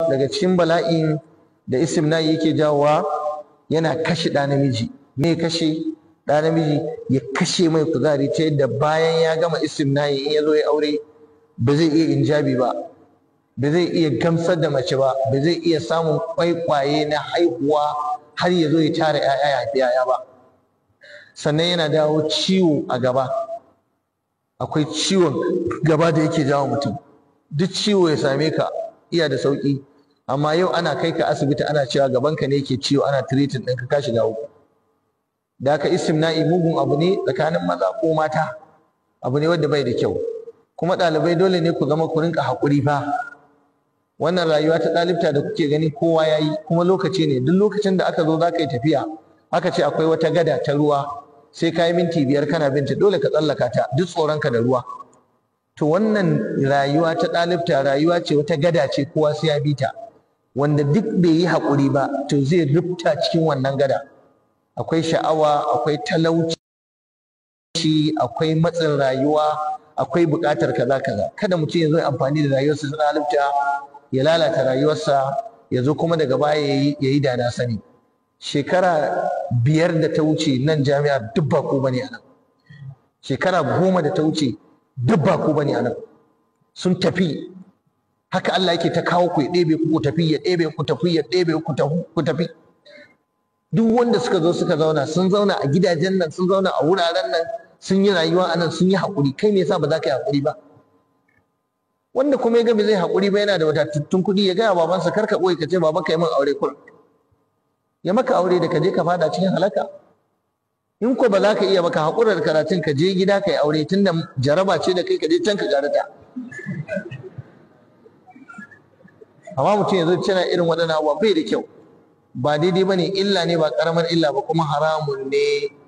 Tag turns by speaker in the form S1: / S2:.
S1: daga cikin bala'in da isim na yake jawowa yana kashe ɗa namiji me kashe ɗa namiji ya kashe mai kuzari ta yadda bayan ya gama isim na in ya zo ya aure ba zai iya injabi ba ba zai iya gamsar da mace ba ba zai iya samun kwaikwaye na haihuwa har ya zo ya tara ‘ya'ya ya haifi ‘ya'ya ba sannan yana dawo ciwo a gaba akwai ciwon gaba da yake jawo mutum duk ciwo ya same ka iya da sauki amma yau ana kai ka asibiti ana cewa gabanka ne yake ciwo ana treating din ka shiga uku da ka istimna'i mugun abu ne tsakanin maza ko mata abu ne wanda bai da kyau kuma ɗalibai dole ne ku zama ku rinka hakuri fa wannan rayuwa ta ɗalibta da kuke gani kowa yayi kuma lokaci ne duk lokacin da aka zo za ka yi tafiya aka ce akwai wata gada ta ruwa sai ka yi minti biyar kana binta dole ka tsallaka ta duk tsoronka da ruwa to wannan rayuwa ta ɗalibta rayuwa ce wata gada ce kowa sai ya bi ta wanda duk bai yi haƙuri ba to zai rubta cikin wannan gada akwai sha'awa akwai talauci akwai matsin rayuwa akwai buƙatar kaza kaza kada mutum ya zo amfani da rayuwarsa ta ɗalibta ya lalata rayuwarsa ya zo kuma daga baya ya yi dana sani shekara biyar da ta wuce nan jami'a duk ba ko bane a nan shekara goma da ta wuce duk ba ku bane anan sun tafi haka Allah yake ta kawo ku ya ɗebe ku ku tafi ya ɗebe ku tafi ya ɗebe ku tafi ku tafi duk wanda suka zo suka zauna sun zauna a gidajen nan sun zauna a wuraren nan sun yi rayuwa a nan sun yi haƙuri kai me yasa ba za ka yi haƙuri ba wanda kuma ya ga me zai haƙuri ba yana da wadatattun kuɗi ya gaya babansa kar ka ɓoye ka ce baba ka yi min aure kur ya maka aure da ka je ka fada cikin halaka in ko ba za ka iya baka haƙurar karatun ka je gida ka yi aure da jaraba ce da kai ka je can ka jarata amma mutum yanzu cina irin waɗannan abubuwa bai da kyau ba daidai ba ne illa ne ba ƙaramar illa ba kuma haramun ne